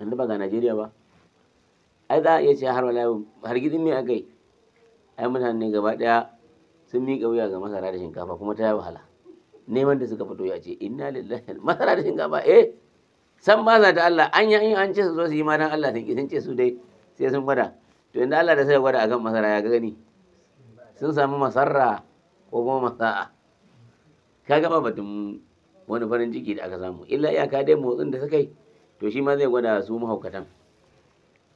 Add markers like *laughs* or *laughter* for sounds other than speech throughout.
yanzu ba ga najeriya ba ai za a iya ce har wala har gidin me aka yi ai mutane gaba daya sun miƙa wuya ga masara da shinkafa kuma ta yi wahala neman da suka fito ya ce inna lillahi *laughs* masara da shinkafa eh san ba za ta Allah an yi an ce su zo su yi ma Allah sun ki sun ce su dai sai sun gwada to inda Allah da sai gwada akan masara ya gani sun samu masarra ko kuma masa'a ka gaba batun wani farin ciki da aka samu illa iyaka dai motsin da suka yi to shi ma zai gwada su mahaukatan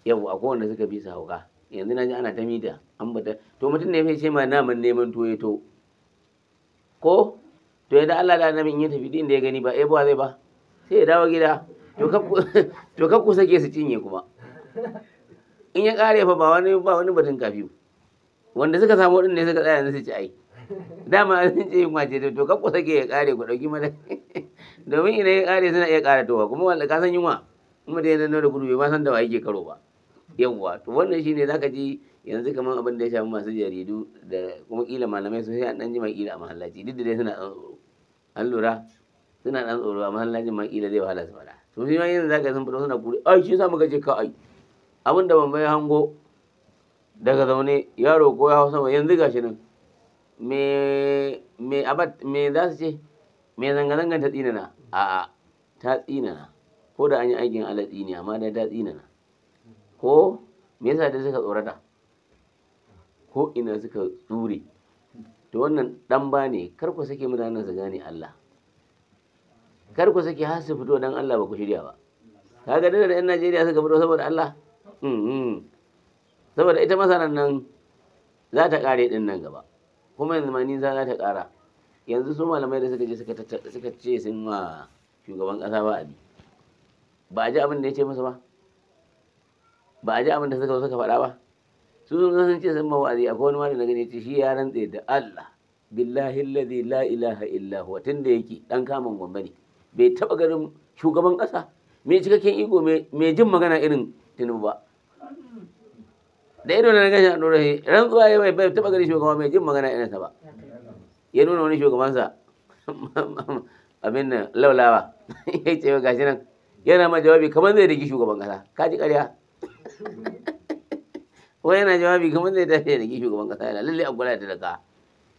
yau a kowanne suka bi su hauka yanzu na ji ana ta mita an bata to mutum ne ya ce ma naman neman tuwo ya to ko to yadda Allah da annabi yin tafi din da ya gani ba Ebo eh, ba zai ba sai ya dawo gida to kakku *laughs* ku sake su cinye kuma in ya kare fa ba wani ba wani batun kafiyu wanda suka samu din ne suka tsaya yanzu su ci ai dama sun ce yin wace to kakku ku sake ya kare ku dauki mata *laughs* domin idan ya kare suna iya towa kuma wanda ka san yunwa in mutum yana da gudu bai ma san da wa yake karo ba yawwa to wannan shine zaka ji yanzu kamar abin da ya shafi masu jaridu da kuma kila malamai sun sai an dan jima kila a mahallaci duk da dai suna tsoro an lura suna dan tsoro a mahallacin ma kila zai wahala su fara to shi ma yanzu zaka sun fito suna kure ai shi yasa muka je ka ai abin da ban bai hango daga zaune yaro ko ya hausa yanzu gashi nan me me abad me za su ce me zanga-zangan ta tsinana a'a ta tsinana ko da an yi aikin alatsi ne amma dai ta tsinana ko me yasa dai suka tsorata ko ina suka tsure to wannan dan ba ne kar ku sake mutanen su gane Allah kar ku sake har su fito dan Allah ba ku shirya ba kaga da ɗan Najeriya suka fito saboda Allah saboda ita masarar nan za ta kare din nan gaba kuma yanzu ma ni za ta kara yanzu su malamai da suka je suka ce sun ma shugaban kasa ba abi ba a ji abin da ya ce masa ba ba a ji abin da suka suka faɗa ba su sun ce sun ma wa'azi akwai wani malami da gani ce shi ya rantse da Allah billahi alladhi la ilaha illa huwa tunda yake dan kamun gombe ne bai taba ganin shugaban kasa mai cikakken iko mai jin magana irin tinubu ba da ido na gashi a ɗora rantsuwa ya bai taba ganin shugaban mai jin magana irinsa ba ya nuna wani shugabansa *laughs* abin nan laulawa *laughs* ya ce ga shi nan yana ma jawabi kamar zai daki shugaban kasa ka ji ƙarya *laughs* wai yana jawabi kamar zai tashi rigi shugaban kasa yana lalle a gwada da daga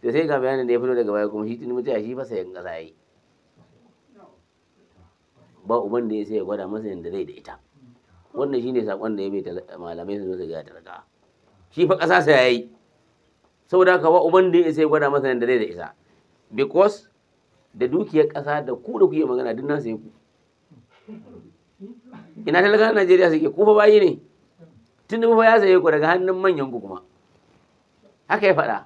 to sai ga bayanin da ya fito daga baya kuma shi tuni mutuwa shi fa sayan kasa yi ba uban da ya sai ya gwada masa yadda zai da ita wannan shine saƙon da ya bai malamai su zo su da talaka shi fa ƙasa sa yi. saboda haka ba uban da ya isa gwada masa yadda zai da isa because da dukiyar ƙasa da ku da kuke magana duk nasu ku ina talaka Najeriya suke ku fa bayi ne tun fa ya saye ku daga hannun manyan ku kuma haka ya faɗa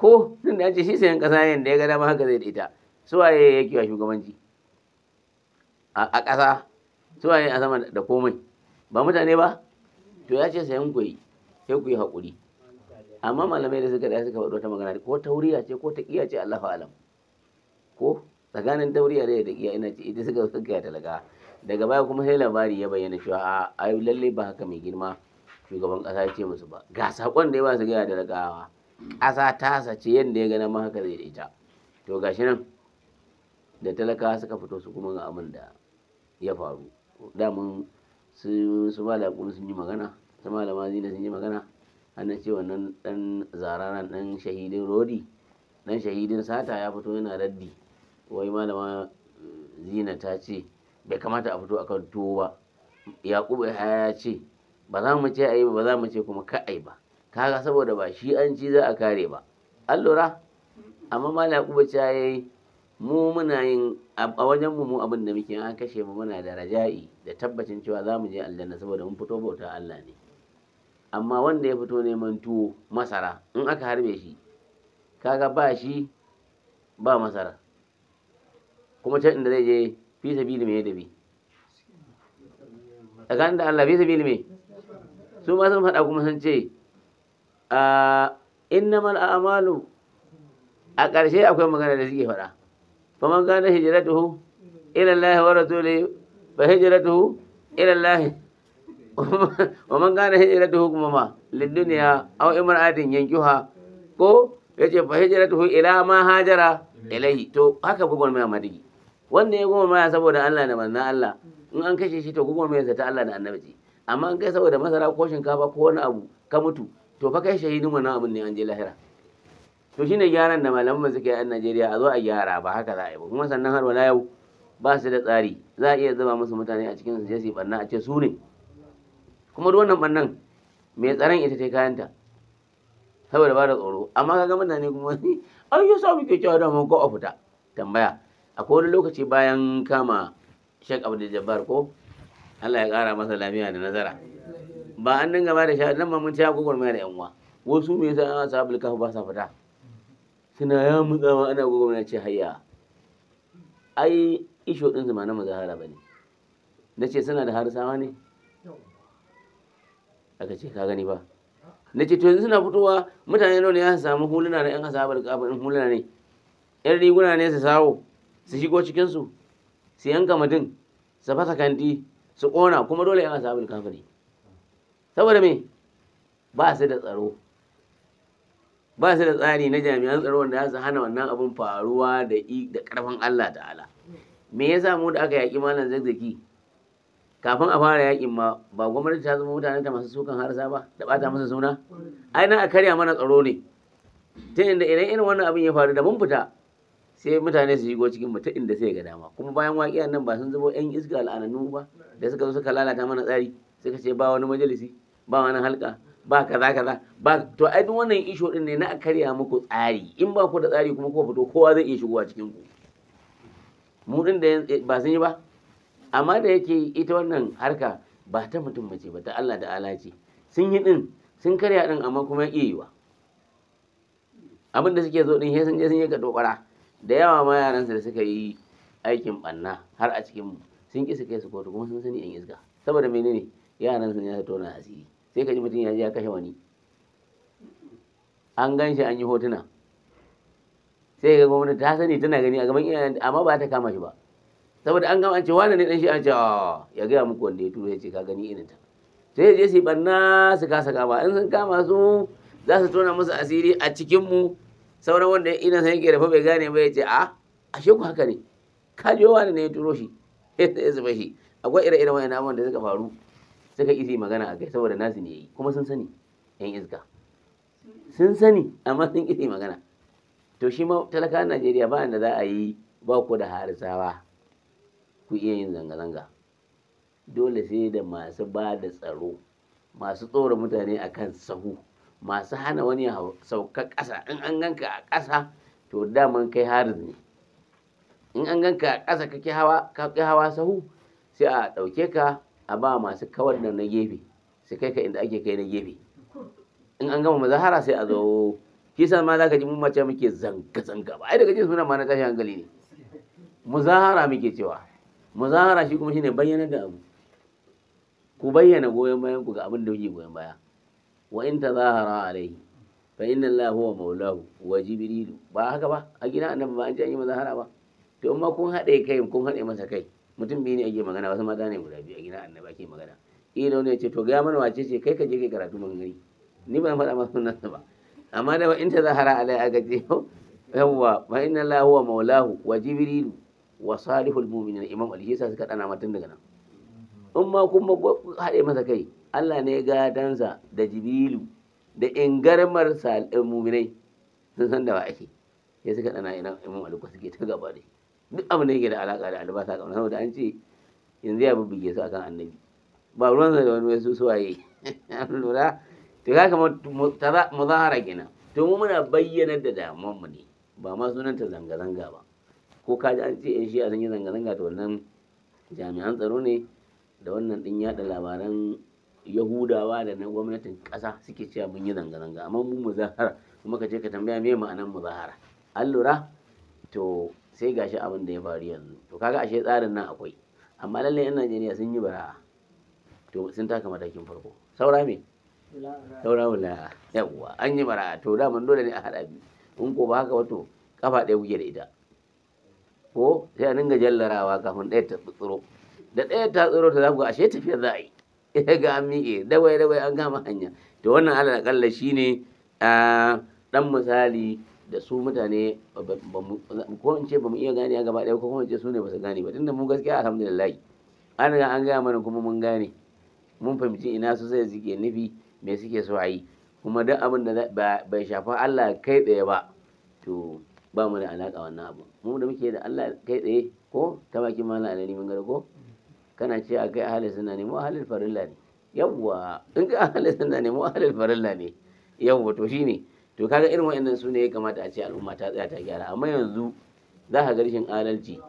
ko tun da ce shi sayan ƙasa yanda ya ga dama haka zai da ita waye yake wa shugabanci a ƙasa waye a sama da komai ba mutane ba to ya ce sayan ku yi sai ku yi haƙuri amma malamai da suka da suka faɗo ta magana ko tauriya ce ko taqiya ce Allahu alam ko tsakanin tauriya da taqiya ina ce ita suka suka talaka daga baya kuma sai labari ya bayyana cewa a ayu lalle ba haka mai girma shugaban kasa ya ce musu ba ga sakon da ya ba su gaya da ragawa kasa ta sace yadda ya gana ma haka zai ita to gashi nan da talaka suka fito su kuma ga abin da ya faru mun su su malama sun yi magana su malama zina sun yi magana an ce wannan dan zararan dan shahidin rodi dan shahidin sata ya fito yana raddi wai malama eh, zina ta ce bai kamata a fito akan tuwo ba yakubu ya ce ba za mu ce ayi ba ba za mu ce kuma ka ai ba kaga saboda ba shi an ci za a kare ba an lura amma malam yakubu ce yayi mu muna yin a wajen mu mu abin da muke an kashe mu muna da raja'i da tabbacin cewa za mu je aljanna saboda mun fito bauta Allah ne amma wanda ya fito neman tuwo masara in aka harbe shi kaga ba shi ba masara kuma can inda zai je fi sabili mai da a tsakanin da Allah fi sabili mai su ma sun faɗa kuma sun ce a innamal a'malu a ƙarshe akwai magana da suke faɗa faman kana hijratuhu ila Allah wa rasulihi fa hijratuhu ila Allah *laughs* wa man kana hijratuhu kuma dunya aw imra'atin yankiha ko yace fa hijratuhu ila ma hajara ilaihi to haka gugun mai madigi wanda ya goma mai saboda Allah da manzon Allah in an kashe shi to gugun mai ta Allah da annabi amma in kai saboda masara ko shinkafa ko wani abu ka mutu to fa kai shahidin wannan abun ne an je lahira to shine gyaran da malaman suke a Najeriya a zo a gyara ba haka za a yi ba kuma sannan har wala yau ba su da tsari za a iya zuba musu mutane a cikin su je su barna a ce su ne kuma duk wannan bannan mai tsaron ita ta kayanta saboda ba da tsoro amma ka ga mutane kuma wani an yi sa muke cewa da ko a fita tambaya akwai wani lokaci bayan kama shek da jabbar ko Allah ya kara masa lafiya da nazara ba an dinga ba da sha nan ma mun ci gwagwarmaya da yan uwa wasu me yasa an sahabul kafa ba sa fita suna ya ma ana gwagwarmaya ce hayya ai isho din zama na muzahara bane nace suna da harsawa ne aka ce ka gani ba na ce to yanzu suna fitowa mutane nawa ne ya samu huluna na yan asabar kafin huluna ne yan riguna ne su sawo su shigo cikin su su yanka mutum su fasa kanti su kona kuma dole yan asabar kafin saboda me ba su da tsaro ba su da tsari na jami'an tsaro wanda za su hana wannan abin faruwa da karfin Allah ta'ala me yasa mu da aka yaki malam zazzaki kafin a fara yakin ma ba gwamnati ta zama mutane da masu sukan harsa ba da bata masa suna ai nan a karya mana tsaro ne ta inda idan irin wannan abin ya faru da mun fita sai mutane su shigo cikin mu ta inda sai ga dama kuma bayan waƙiyan nan ba sun zubo yan iska al'ananu ba da suka zo suka lalata mana tsari suka ce ba wani majalisi ba wani halka ba kaza kaza ba to ai duk wannan isho din ne na a karya muku tsari in ba ku da tsari kuma ko fito kowa zai iya shigowa cikin ku mu din da ba sun yi ba amma da yake ita wannan harka ba ta mutum mace ba ta Allah da ala ce sun yi din sun karya din amma kuma ya iya yiwa abin da suke zo din he sun je sun yi ka dokara da yawa ma yaran su da suka yi aikin banna har a cikin sun ki su kai su kotu kuma sun sani yan isga saboda menene yaran su ne ya tona asiri sai ka ji mutum ya je ya kashe wani an gan shi an yi hotuna sai ga gwamnati ta sani tana gani a gaban iyayen amma ba ta kama shi ba saboda an gama an ce wane ne dan shi an ce ah, ya gaya muku wanda ya turo ya ce ka gani irin ta sai je su banna su kasa kama in sun kama su za su tona musu asiri a cikin mu sauran wanda ina san yake rafa bai gane ba ya ce a ah, ashe ku haka ne ka je wane ne ya turo shi ya *laughs* zuba shi akwai ire-iren wayan namun da suka faru suka isi magana a kai saboda nasu ne yi kuma sun sani yan iska sun sani amma sun isi magana to shi ma talaka Najeriya ba da za a yi ba ku da harisawa ku iya yin zanga-zanga dole sai da masu ba da tsaro masu tsora mutane a kan sahu masu hana wani sauka kasa. in an ganka a ƙasa to daman kai harin ne in an ganka a kasa kake hawa hawa sahu sai a dauke ka a ba masu kawar da na gefe sai kai ka inda ake kai na gefe in an gama mazahara sai a zo kisan ma za ka ji mun muke zanga zanga ba ai daga jin suna ma na tashi hankali ne muzahara muke cewa muzahara shi kuma shine bayyana da abu ku bayyana goyon bayan ku ga abin da kuke goyon baya wa in tazahara alaihi fa inna allaha huwa maulahu wa jibril ba haka ba a gina annabi ba an ji an yi muzahara ba to amma kun haɗe kai kun haɗe masa kai mutum biyu ne ake magana wasu mata ne guda biyu a gina annabi ake magana ina ne ce to ga mana wace ce kai ka je kai karatu mun gani ni ban faɗa masa sunan ba amma da in tazahara alaihi aka ce yawwa fa inna allaha huwa maulahu wa jibril wa salihul mu'minin imam ali yasa suka dana matan daga nan in ma kuma haɗe masa kai Allah ne gadansa da jibilu da ingarmar eh, mu'minai sun san da wa ake ya suka dana ina imam ali ko suke ta gaba da duk abin da yake da alaka da albasa kamar saboda an ce yanzu ya bubbuge su akan annabi ba ruwan da wani wasu suwaye *laughs* an lura to ka kamar muzahara kenan to mu muna bayyana da damuwanmu ne ba ma sunanta zanga-zanga ba ko ka ji an ce yan shi'a sun yi zanga-zanga to wannan jami'an tsaro ne da wannan din yada labaran yahudawa da na gwamnatin kasa suke cewa mun yi zanga-zanga amma mu muzahara kuma ka ce ka tambaya me ma'anan muzahara an lura to sai gashi abin da ya faru yanzu to kaga ashe tsarin nan akwai amma lallai yan najeriya sun yi bara to sun taka matakin farko saura me saura wala yawa an yi bara to mun dole ne a hada biyu in ko ba haka wato kafa ɗaya kuke da ita ko sai a dinga jallarawa kafin ɗaya ta tsiro da ɗaya ta tsiro ta zaku ashe tafiya za a yi *laughs* ya ga an miƙe dawai dawai an gama hanya to wannan alal akalla shi a ɗan misali da su mutane ko in ce ba mu iya gane gaba ɗaya ko kuma in ce su ne ba su gane ba tunda mu gaskiya alhamdulillah an ga an gaya mana kuma mun gane mun fahimci ina su sai suke nufi me suke so a yi kuma duk abin da bai shafa Allah kai tsaye ba to ba mu da alaƙa wannan abu mu da muke da Allah kai tsaye ko ta baki malam alani mun gara ko kana ce a kai sunna ne mu ahli farilla ne yawwa in ga ahli sunna ne mu ahli farilla ne yawwa to shine to kaga irin wa'annan sune ya kamata a ce al'umma ta tsaya ta gyara amma yanzu za ka ga rashin adalci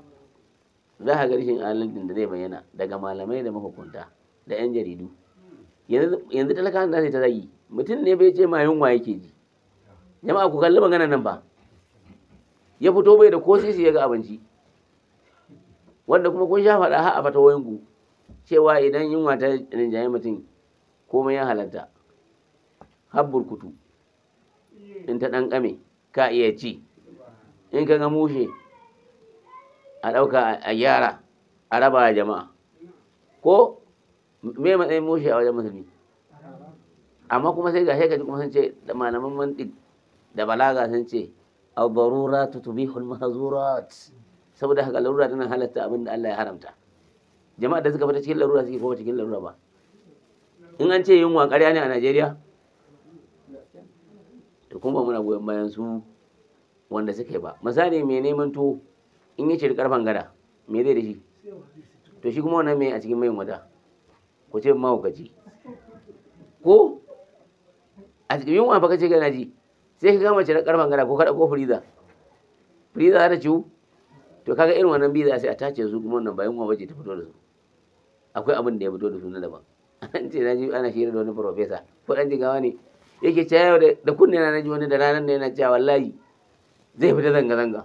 za ka ga rashin da zai bayyana daga malamai da mahukunta da 'yan jaridu yanzu talakawan da ta zagi mutum ne bai ce ma yunwa yake ji jama'a ku kalli magana nan ba ya fito bai da ko sisi ya ga abinci wanda kuma kun sha faɗa a fata wayanku cewa idan yunwa ta rinjaye mutum komai ya halatta har burkutu in ta ɗan ƙame ka iya ci in ka ga mushe a ɗauka a gyara a raba jama'a ko me matsayin mushe a wajen musulmi amma kuma sai ga ka kuma sun ce malaman mantik da balaga sun ce aw daruratu tubihu mahzurat saboda haka larura tana halatta abin da Allah ya haramta jama'a da suka fita cikin larura suke ko cikin larura ba in an ce yunwa ƙarya ne a Najeriya to kuma muna goyon bayan su wanda suke ba misali mai neman to in yace da karfan gada me zai da shi to shi kuma wannan mai a cikin mai wata? ku ce mahaukaci ko a cikin yunwa fa kace gana ji sai ka gama cire karfan gana ko kada ko firiza firiza za ta ciwu to kaga irin wannan biza sai a tace su kuma wannan bayan kuma bace ta fito da su akwai abin da ya fito da su na daban *laughs* an ce na ji ana shirya da wani profesa ko dan jigawa ne yake cewa da kunne na ji wani da ranan ne yana cewa wallahi zai fita zanga zanga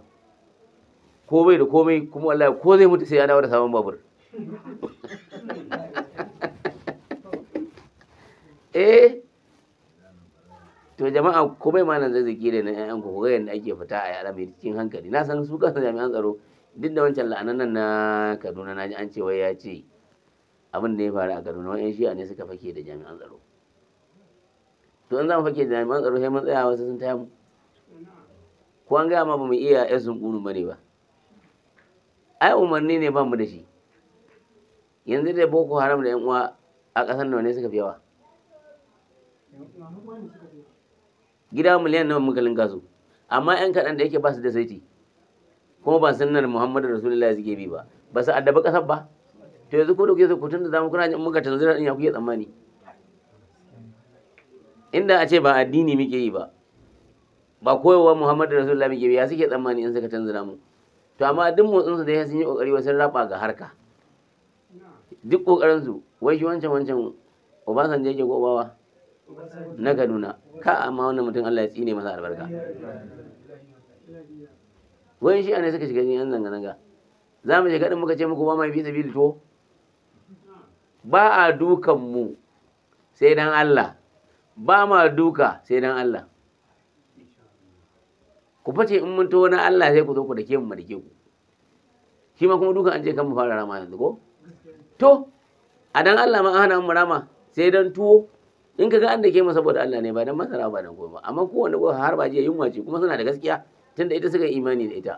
ko bai da komai kuma wallahi ko zai mutu sai ya dawo da sabon babur *laughs* eh to jama'a komai ma nan zazzaki da na 'ya'yanku ku ga yadda ake fita a yara mai cikin hankali na san su kansa jami'an tsaro duk da wancan la'anan nan na kaduna na ji an cewa ya ce abin da ya faru a kaduna wa'yan shi'a ne suka fake da jami'an tsaro to in za mu fake da jami'an tsaro sai mun tsaya wasu sun taya mu ko an gaya ma ba mu iya yan sunkuru ba ne ba ai umarni ne ba mu da shi yanzu da boko haram da yan uwa a ƙasar nawa ne suka fi yawa gida miliyan nawa muka linka su amma yan kaɗan da yake ba su da saiti kuma ba nan muhammadu ya suke bi ba ba su addaba ƙasar ba to yanzu ko da kuke kutun da zamu kuna jin muka tanzira din ya kuke tsammani inda a ce ba addini muke yi ba ba koyarwa muhammadu rasulullah muke bi ya suke tsammani in suka tanzira mu to amma duk motsin su da sun yi kokari wasu raba ga harka duk kokarin su wai shi wancan wancan obasanjo yake gobawa na Kaduna ka amma wannan mutum Allah ya tsine masa albarka Wani shi ne suka shiga yan zanga zanga za mu shekaɗin muka ce muku ba mai bisa bil to ba a dukan mu sai dan Allah ba ma duka sai dan Allah ku face in mun to na Allah sai ku zo ku dake mu dake ku shi ma kuma dukan an je kan mu fara rama yanzu ko to a dan Allah ma an hana mu rama sai dan tuwo in ka ga an da ke mu saboda Allah ne ba dan masara ba dan goma amma kowanne ko har ba jiya yunwa ce kuma suna da gaskiya tunda ita suka imani da ita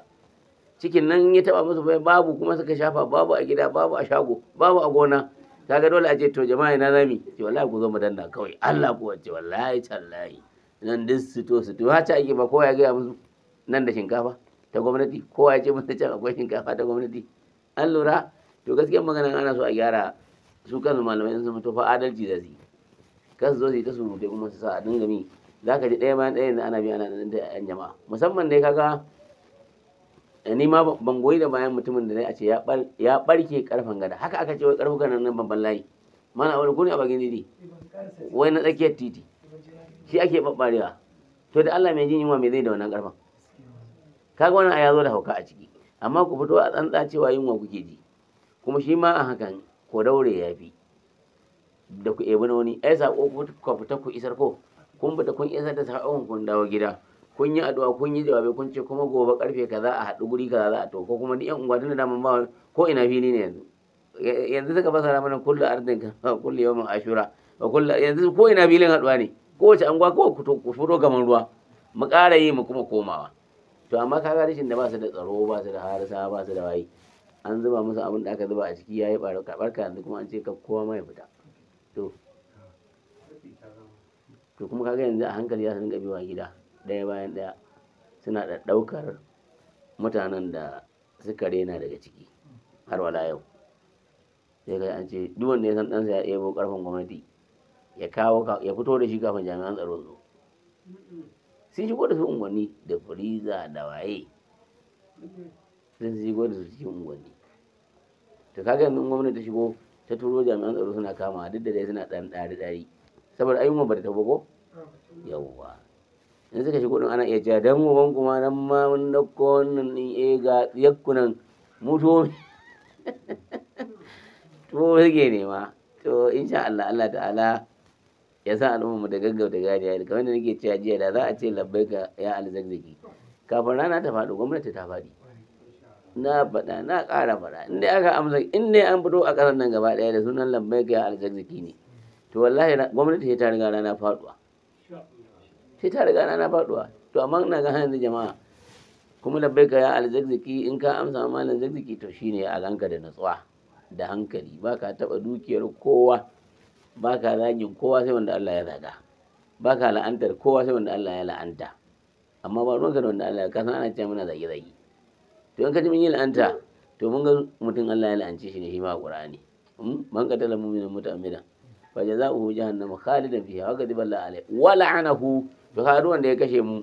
cikin nan ya taba musu bai babu kuma suka shafa babu a gida babu a shago babu a gona kaga dole a ce to jama'a ina zami ce wallahi ku zo mu danna kawai Allah ku wace wallahi tallahi nan duk sito sito ha ta ake ba kowa ya gaya musu nan da shinkafa ta gwamnati kowa ya ce musu can akwai shinkafa ta gwamnati an lura to gaskiya magana ana so a gyara su kan malamai sun mutu fa adalci da zai kan su zo su yi surutai kuma su sa a dinga mi za ka ji ɗaya bayan ɗaya da ana biya ana da yan jama'a musamman dai kaga eh, ni ma ban goyi da bayan mutumin da dai a ce ya barke karfan gada haka aka ce wai karfukan nan nan babban layi mana wani kuni a bagin didi wai na tsakiyar titi shi ake babbarewa to da Allah mai jin yunwa mai zai da wannan karfan kaga wannan ya zo da hauka a ciki amma ku fito a tsantsa cewa yunwa kuke ji kuma shi ma a hakan ko daure ya fi da ku ebi na wani ai sako ku fita ku isar ko kun fita kun isar da sakon kun dawo gida kun yi addu'a kun yi jawabi kun ce kuma gobe karfe kaza a haɗu guri kaza za a to ko kuma ni yan unguwa tunda daman ba ko ina fili ne yanzu yanzu suka fasara mana kullu ardin *laughs* kullu yawmin ashura wa kullu yanzu ko ina filin haɗuwa ne kowace anguwa ko ku fito gaman ruwa mu ƙara yi mu kuma komawa to amma kaga rashin da ba su da tsaro ba su da harisa ba su da wayi an zuba musu abin da aka zuba a ciki yayi barka barka yanzu kuma an ce ka kowa mai fita to to kuma kaga yanzu a hankali za su dinga biwa gida ɗaya bayan ɗaya suna da ɗaukar mutanen da suka rena daga ciki har wala yau sai ga an ce duk wanda ya san ɗansa ya ɗebo ƙarfin gwamnati ya kawo ya fito da shi kafin jami'an tsaro zo sun shigo da su unguwanni da firiza da waye sun shigo da su cikin unguwanni to kaga yanzu gwamnati ta shigo ta turo jami'an tsaro suna kama duk da dai suna ɗan ɗari ɗari saboda ayyuma ba ta tafi ko yawwa in suka shigo din ana iya cewa dan ban kuma nan ma mun dauko wannan din eh ga yakkunan muto to rage ne ma to insha Allah Allah ta'ala ya sa al'umma mu da da gadiya kamar da nake cewa jiya da za a ce labbaika ya alzagzagi kafin rana ta faɗo gwamnati ta faɗi na faɗa na ƙara faɗa in dai aka amsa in dai an fito a ƙasar nan gaba ɗaya da sunan lambai ga alzazzaki ne to wallahi gwamnati sai ta riga rana faɗuwa sai ta riga rana faɗuwa to amma ina ga hanyar jama'a kuma lambai ga alzazzaki in ka amsa ma alzazzaki to shine a ganka da natsuwa da hankali ba ka taɓa dukiyar kowa ba ka zagin kowa sai wanda Allah ya zaga ba ka la'antar kowa sai wanda Allah ya la'anta amma ba ruwan da wanda Allah ya kasance ana cewa muna zage-zage to in ka ji mun yi la'anta to mun ga mutum Allah ya la'ance shi ne shi ma Qur'ani hmm? man qatala mu'minan muta'ammidan fa jazaohu jahannam khalidan fiha wa ghadiba Allah alayhi wa la'anahu to ka da ya kashe mu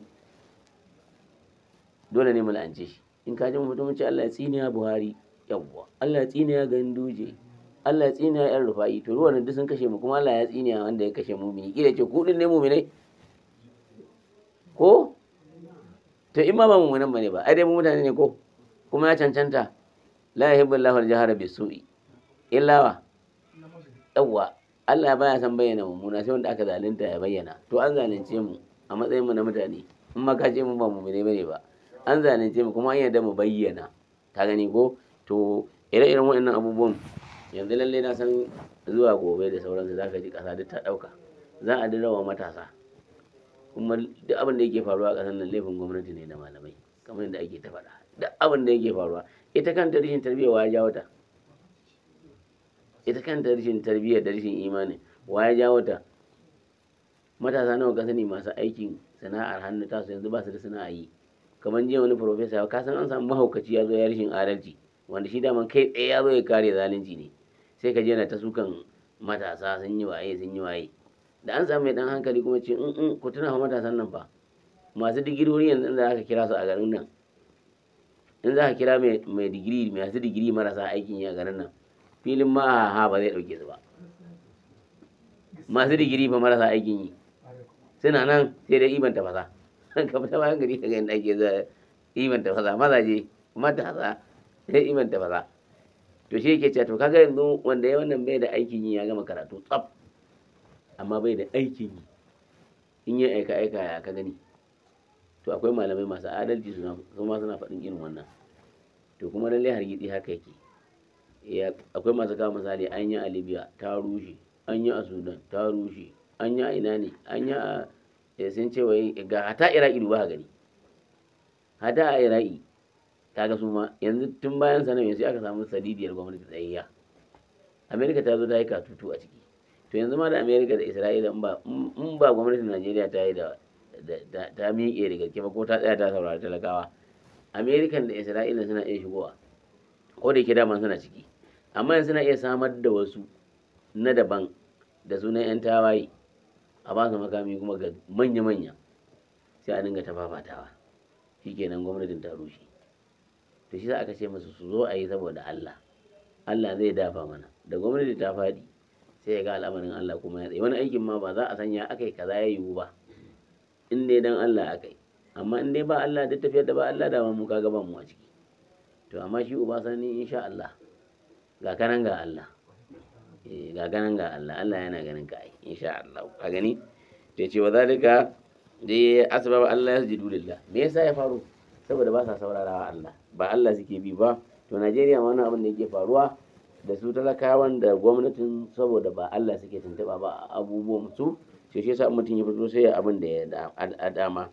dole ne mu la'ance shi in ka ji mutum ce Allah ya tsiniya Buhari yawwa Allah ya tsiniya Ganduje Allah ya tsiniya yan rufa'i to ruwan duk sun kashe mu kuma Allah ya tsiniya wanda ya kashe mumini kila ce din ne muminai ko to imma ba mumunan bane ba ai dai mu mutane ne ko kuma ya cancanta la yuhibbu lahar al-jahra bi su'i illa wa Allah baya san bayyana mummuna sai wanda aka zalunta ya bayyana to an zalunce mu a matsayin mu na mutane in ma ka mu ba mu bane bane ba an zalunce mu kuma an yarda mu bayyana ka gani ko to ire-iren waɗannan abubuwan yanzu lalle na san zuwa gobe da sauransu za ka ji kasa duk ta ɗauka za a dirawa matasa kuma duk abin da yake faruwa a ƙasar nan laifin gwamnati ne da malamai kamar yadda ake ta faɗa duk abin da yake faruwa ita kanta rashin tarbiyya wa ya jawo ta ita kanta rashin tarbiyya da rashin imani wa ya jawo ta matasa nawa ka sani masu aikin sana'ar hannu tasu yanzu ba su da sana'a yi kamar jiya wani profesa ka san an samu mahaukaci ya zo ya rashin adalci wanda shi daman kai tsaye ya zo ya kare zalunci ne sai ka je na ta sukan matasa sun yi waye sun yi waye da an samu mai dan hankali kuma ce in mm, mm, ku tuna matasan nan fa masu digirori yanzu za aka kira su a garin nan in za ka kira mai digiri masu digiri marasa aikin yi a garin nan filin ma ha ba zai ɗauke su ba masu digiri ba marasa aikin yi suna nan sai dai iban tafasa *laughs* ka fita bayan gari ka ga inda ake zuwa iban tafasa mazaje matasa sai iban tafasa to shi yake cewa to kaga yanzu wanda ya wannan bai da aikin yi ya gama karatu tsaf amma bai da aikin yi in yi aika aika ya ka gani to akwai malamai masu adalci su ma suna faɗin irin wannan to kuma lalle hargitsi haka yake akwai masu kawo misali an yi a libya ta rushe an yi a sudan ta rushe an yi a ina ne an yi a eh, sun ce wai ga hata iraki duba gani hata a iraki kaga su ma yanzu tun bayan sanar sai aka samu sadidiyar gwamnati tsayayya amerika ta zo ta yi katutu a ciki to yanzu ma da amerika da isra'ila in ba gwamnatin najeriya ta yi da ta miƙe da gaske ba ko ta tsaya ta saurari talakawa amerikan da isra'ila suna iya shigowa ko da yake daman suna ciki amma yanzu suna iya samar da wasu na daban da sunan 'yan tawaye a ba makami kuma ga manya-manya sai a dinga ta fafatawa shikenan gwamnatin ta rushe to shi za aka ce masu su zo a yi saboda Allah Allah zai dafa mana da gwamnati ta faɗi sai ya ga al'amarin Allah kuma ya tsaye wani aikin ma ba za a sanya aka yi kaza ya yiwu ba in dai dan Allah aka yi amma in dai ba Allah da tafiyar da ba Allah da mu kaga ba mu a ciki to amma shi uba sani insha Allah ga kanan ga Allah eh ga kanan ga Allah Allah yana ganin ka ai insha Allah ka gani to yace wa zalika dai asbab Allah yasjudu lillah me yasa ya faru saboda ba sa saurarawa Allah ba Allah suke bi ba to Najeriya ma wani abin da yake faruwa da su talakawan da gwamnatin saboda ba Allah suke tuntuɓa ba abubuwan su shi yasa mutum ya fito sai ya abin da ya dama